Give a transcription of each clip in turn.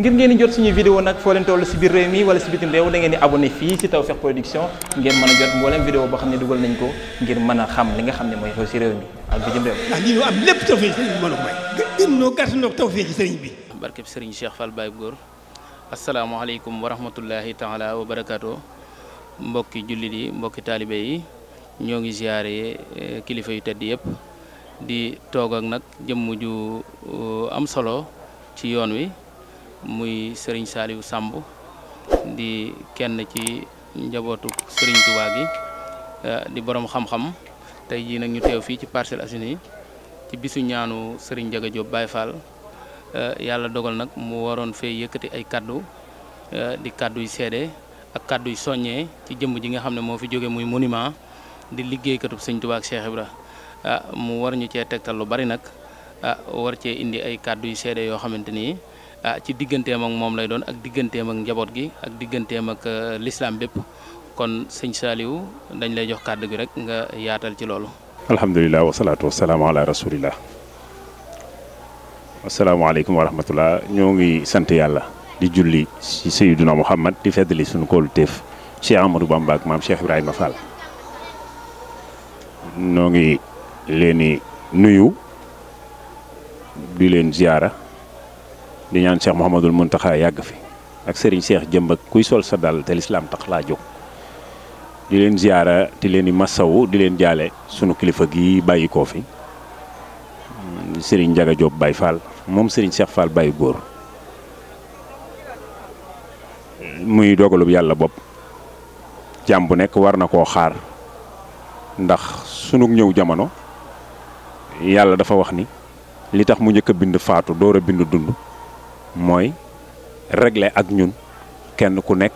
ngir ngeen di jot suñu vidéo nag foo leen toll si biir réew mi wala si bitim réew da ngeen di abonné fii si Tawfekh Production ngeen mën a jot mboolem vidéo boo xam ne dugal nañ ko ngir mën a xam li nga xam ne mooy xew si réew mi ak bitim réew. ndax noo gàtt noo tawfeex sëriñ bi. barkeb sëriñ Cheikh Fall Baye Góor asalaamaaleykum wa rahmatullahi taala wa barakaatu mbokki jullit yi mbokki taalibe yi ñoo ngi ziare eh, kilifa yu tedd yëpp di toog ak nag jëmm ju eh, am solo ci yoon wi muy sëriñ Saliou Samb di kenn ci njabootu Serigne Touba gi eh, di borom xam-xam tey jii nag ñu teew fii ci Parcelles Assainies ci bisu ñaanu Serigne Ndiaga Diop Baye Fall eh, yàlla dogal nag mu waroon fee yëkkati ay kaddu eh, di kaddu yu seede ak kaddu yu soññee ci jëmm ji nga xam ne moo fi jóge muy monument di liggéeykatu Serigne Touba ak la mu war ñu cee tegtal lu bari nag war cee indi ay kaddu yu seede yoo xamante nii ah ci digganteem ak moom lay doon ak digganteem ak njaboot gi ak digganteem ak eh, lislaam bépp kon sëñ Saliou dañ lay jox kàddu gi rek nga yaatal ci loolu. alhamdulilah wasalaatu wasalaamu ala rasulillah asalaamaaleykum wa rahmatullah ñoo ngi sant yàlla di julli ci Seydina Muhammad di feddali suñu kóolu téef Cheikh Amadou Bamba ak maam Cheikh Ibrahima Fall noo ngi leen nuyu di leen ziyaara di ñaan Cheikh Mouhamadul Mountakha yàgg fi ak Serigne Cheikh jëmb kuy sol sa dal te lislaam tax laa jóg di leen ziyaara di leen di masawu di leen jaale sunu kilifa gi bàyyi koo fi sëriñ Ndiaga Diop Baye moom Serigne Cheikh Fall Baye góor muy dogalu yàlla bopp jàmm bu nekk war na koo xaar ndax sunu ñëw jamono yàlla dafa wax ni li tax mu njëkk a bind faatu door a bind dund. mooy régler ak ñun kenn ku nekk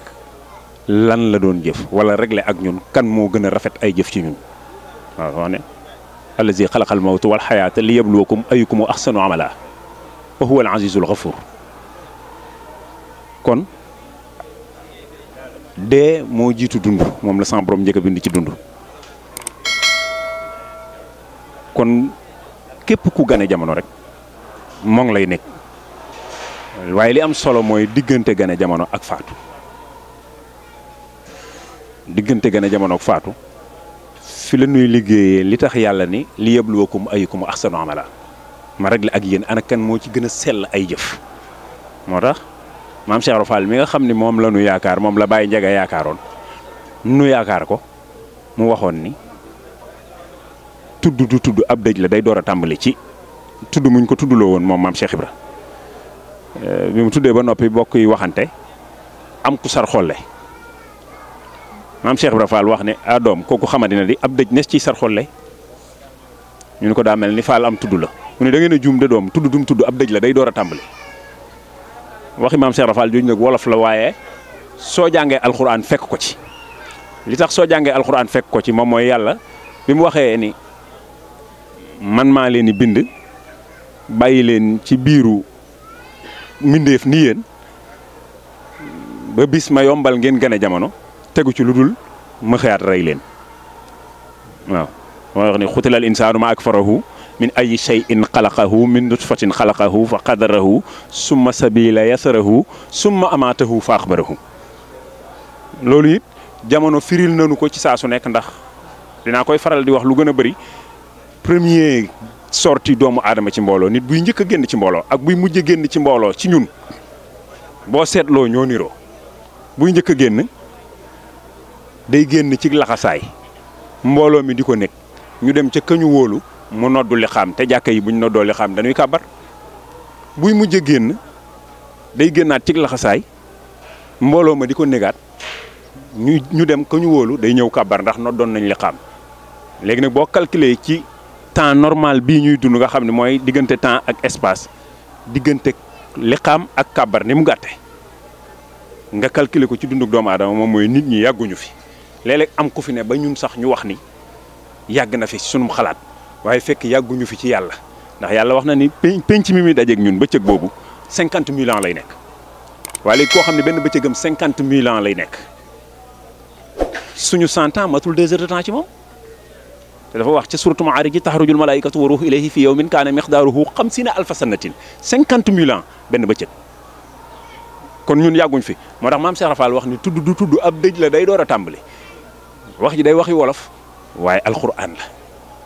lan la doon jëf wala regle ak ñun kan moo gën a rafet ay jëf ci ñun waaw wax ne allazi xalaqal mawta wal xayaata li yabluwakum ayukum axsanu amala wa huwa al azizul xafur kon dee moo jiitu dund moom la sama borom njëkk a bind ci dund kon képp ku gane jamono rek moo lay nekk waaye li am solo mooy diggante gane jamono ak faatu diggante gane jamono ak faatu fi la ñuy liggéeyee li tax yàlla ni li yabluwakum ayyukum ahsanu amala ma réglé ak yéen ana kan moo ci gën a sell ay jëf moo tax maam Cheikh Ibra mi nga xam ni moom la yaakaar moom la bàyyi Ndiaga yaakaaroon nu yaakaar ko mu waxoon ni tudd du tudd ab dëj la day door a tàmbali ci tudd muñ ko tuddloo woon moom maam Cheikh Ibra Euh, bi mu tuddee ba noppi bokk yi waxante am ku sar xolle maam Cheikh Ibra Fall wax ne ah doom kooku xamadi na di ab dëj nes ci sar xolle ñu ne ko daa mel ni Fall am tudd la mu ne da ngeen a juum da doom tudd dum tudd ab dëj la day door a tàmbali waxi maam Cheikh Ibra Fall jooju nag wolof la waaye soo jàngee alxuraan fekk ko ci li tax soo jàngee alxuraan fekk ko ci moom mooy yàlla bi mu waxee ni man maa leen di bind bàyyi leen ci biiru. mbindeef ni yéen ba bis ma yombal ngeen gën jamono tegu ci lu dul ma rey leen waaw moo wax ni xutilal insaanu ma akfarahu min ayi shay'in xalaqahu min nutfatin xalaqahu fa qadarahu summa sabila yasarahu summa amaatahu fa axbarahu loolu it jamono firil nanu ko ci saa su nekk ndax dinaa koy faral di wax lu gën a bari premier sorti doomu aadama ci mbooloo nit buy njëkk génn ci mbooloo ak buy mujj génn ci mbooloo ci ñun boo seetloo ñoo niroo buy njëkk a génn day génn cig laxasaay mbooloo mi di ko nekk ñu dem ca këñu wóolu mu noddu li xaam te jàkka yi buñ noddoo li dañuy kàbbar buy mujj a génn day génnaat ci laxasaay mbooloo ma di ko négaat ñu ñu dem këñu wóolu day ñëw kàbbar ndax noddoon nañ li xaam léegi nag boo calculé ci. temps normal bii ñuy dund nga xam ne mooy diggante temps ak espace diggante liqaam ak kàbbar ni mu gàtte nga calculer ko ci dunduk doomu aadama moom mooy nit ñi yàgguñu fi léeg am ku fi ne ba ñun sax ñu wax ni yàgg na fi sunum xalaat waaye fekk yàgguñu fi ci yàlla ndax yàlla wax na ni penc mi muy dajeeg ñun bëccëg boobu cinquante mille ans lay nekk waaye léegi koo xam ne benn bëccëgam cinquante mille ans lay nekk suñu cent ans matul deux heures de temps ci moom. te dafa wax ci suratu maarij ji taxarujul malaikatu wa ruuhu ilayhi fi yawmin kaana miqdaaruhu xamsiina alfa sanatin cinquante mille ans benn bëccëg kon ñun yàgguñ fi moo tax maam Cheikh Rafal wax ni tudd du tudd ab dëj la day door a tàmbali wax ji day waxi wolof waaye alquran la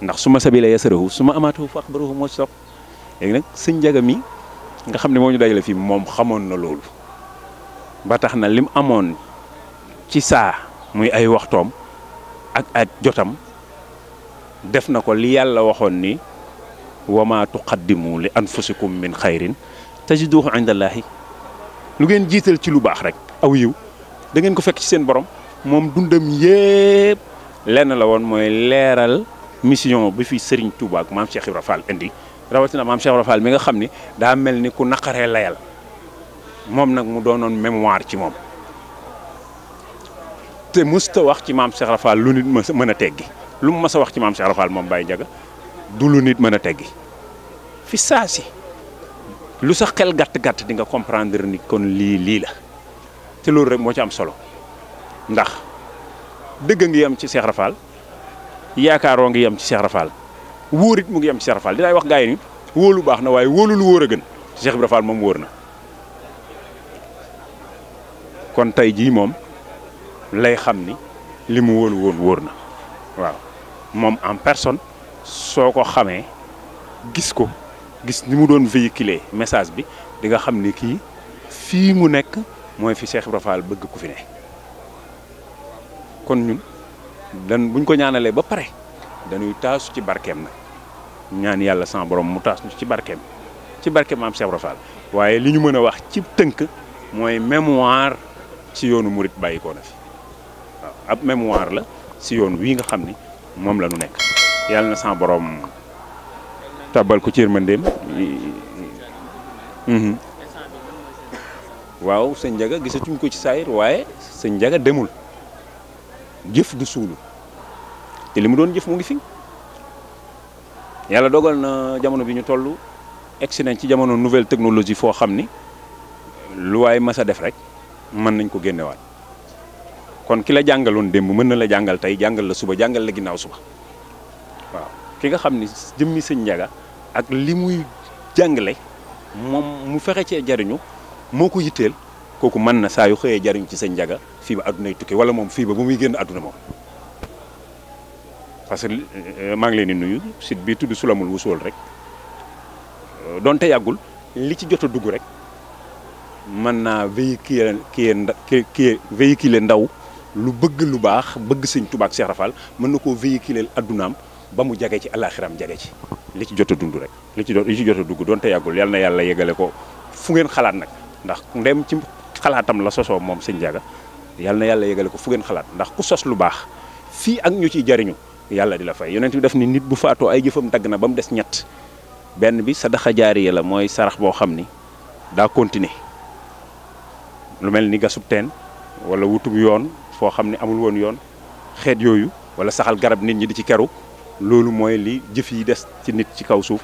ndax su ma sabila yasarahu su ma amaatahu fa axbarahu moo sopp léegi nag sëñ jaga mi nga xam ne moo ñu la fii moom xamoon na loolu ba tax na lim amoon ci saa muy ay waxtoom ak ak jotam def na ko li yàlla waxoon ni wa maa tuqaddimu li anfusikum min xayrin tajiduhu indallahi lu ngeen jiital ci lu baax rek aw yiw da ko fekk ci seen borom moom dundam yépp lenn la woon mooy leeral mission bi fi sëriñ Touba ak maam Cheikh Ibra indi rawatina maam Cheikh Ibra Fall mi nga xam ni daa mel ni ku naqaree layal moom nag mu doonoon mémoire ci moom te musta wax ci maam Cheikh Ibra Fall lu nit mën a teggi lu mu mës a wax ci maam Cheikh Fall moom Baye Ndiaga du lu nit mën a teggi fi saa si lu sax xel gàtt-gàtt di nga comprendre ni kon lii lii la te loolu rek moo ci am solo ndax dëgg ngi yam ci Cheikh Fall yaakaaroo ngi yam ci seex Fall wóor mu ngi yam ci Cheikh Fall dinaay wax gaa yi ni wóolu baax na waaye wóolu lu wóor a gën Cheikh Ibra Fall moom wóor na kon tey jii moom lay xam ni li mu wóolu woon wóor na waaw moom en personne soo ko xamee gis ko gis ni mu doon véhiculer message bi di nga xam ni kii fii mu nekk mooy fi Cheikh Ibra bëgg ku fi ne kon ñun dan buñ ko ñaanalee ba pare dañuy taasu ci barkeem nag ñaan yàlla sans borom mu taas ci barkeem ci barkeem maam Cheikh Ibra waaye li ñu mën a wax ci tënk mooy mémoire ci yoonu murit bàyyi ko fi waaw ab mémoire la si yoon wii nga xam ni moom la nekk yàlla na saa boroom tabal ko ci yërmandeem mhm. waaw sëñ Ndiaga gisatuñ ko ci saayir waaye sëñ Ndiaga demul jëf du suulu te li mu doon jëf mu ngi fi yàlla dogal na jamono bi ñu toll egsi nañ ci jamono nouvelle technologie foo xam ni lu waay mas a def rek mën nañ ko génnewaat kon kila jàngaloon démb mën na la jàngal tey jàngal la suba jàngal la ginnaaw suba waaw ki nga xam ni jëmmi sëñ njaga ak li muy jàngale moom mu fexe cee jariñu moo ko yitteel kooku mën na saa yu xëyee jariñu ci sañ njaga fii ba addunay tukki wala moom fii ba bu muy génn adduna moom parce que maa ngi leen di nuyu site bii tudd Sulamul Wusool rek donte yàggul li ci jot a dugg rek mën naa véhiculer kii véhiculer ndaw lu bëgg lu baax bëgg sëñ tubaak ak Cheikh mën na koo véhiculer addunaam ba mu jage ci alaxiraam jage ci li ci jot a dund rek li ci li ci jot a dugg doonte yàggul yàlla yegale ko fu ngeen xalaat nag ndax ndem ci xalaatam la sosoo moom sëñ Njaga yal na yàlla yegale ko fu ngeen xalaat ndax ku sos lu baax fii ak ñu ciy jariñu yàlla di la fay yonent bi def ni nit bu faatoo ay jëfam dagg na ba mu des ñett benn bi sa sadaxa jaariya la mooy sarax boo xam ni daa continuer lu mel ni gasub teen wala wutub yoon foo xam ne amul woon yoon xeet yooyu wala saxal garab nit ñi di ci keru loolu mooy li jëf yi des ci nit ci kaw suuf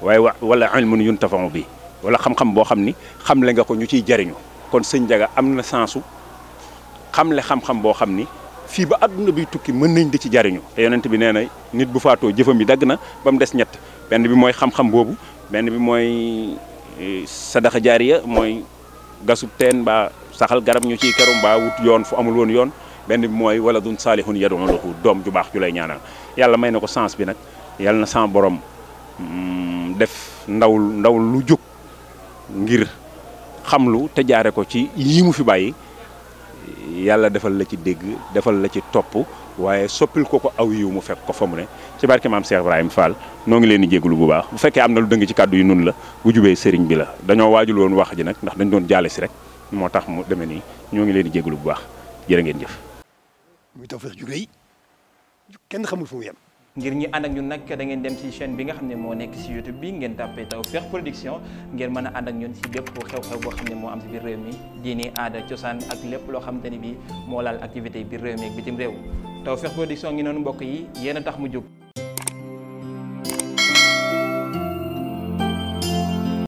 waaye wa wala ilmun yuntafamu bi wala xam-xam boo xam ni xamle nga ko ñu ciy jariñu kon sëñ Njaga am na sensu xamle xam-xam boo xam ni fii ba àdduna bi tukki mën nañ di ci jariñu te yonent bi nee na nit bu faatoo jëfam yi dagg na ba des ñett benn bi mooy xam-xam boobu benn bi mooy eh, sadaxa jaariya mooy gasub teen mbaa saxal garab ñu ci keru mbaa wut yoon fu amul woon yoon benn bi mooy wala dun saalihun yad'u lahu doom ju baax ju lay ñaana yàlla may na ko sens bi nag yàlla na sama borom mm, def ndawul ndawul lu jóg ngir xam lu te jaare ko ci yii mu fi bàyyi yàlla defal la ci dégg defal la ci topp waaye soppil ko ko aw yiw mu fekk ko fa mu ne ci barke maam Cheikh Ibrahima Fall noo ngi leen di jégalu bu baax bu fekkee am na lu dëng ci kàddu yi nun la bu jubee sëriñ bi la dañoo waaj woon wax ji nag ndax dañ doon jaale si rek moo tax mu deme nii ñoo ngi leen di jégalu bu baax jërë ngeen jëf. muy Tawfekh ju rëy kenn xamul fu mu yem. ngir ñi ànd ak ñun nag da ngeen dem ci chaine bi nga xam ne moo nekk ci YouTube bi ngeen tàppee Tawfekh Production ngeen mën a ànd ak ñun ci bépp xew-xew boo xam ne moo am ci biir réew mi diini aada cosaan ak lépp loo xamante ni bi moo laal activité biir réew mi ak bitim réew Tawfekh Production ngi noonu mbokk yi yéen tax mu jóg.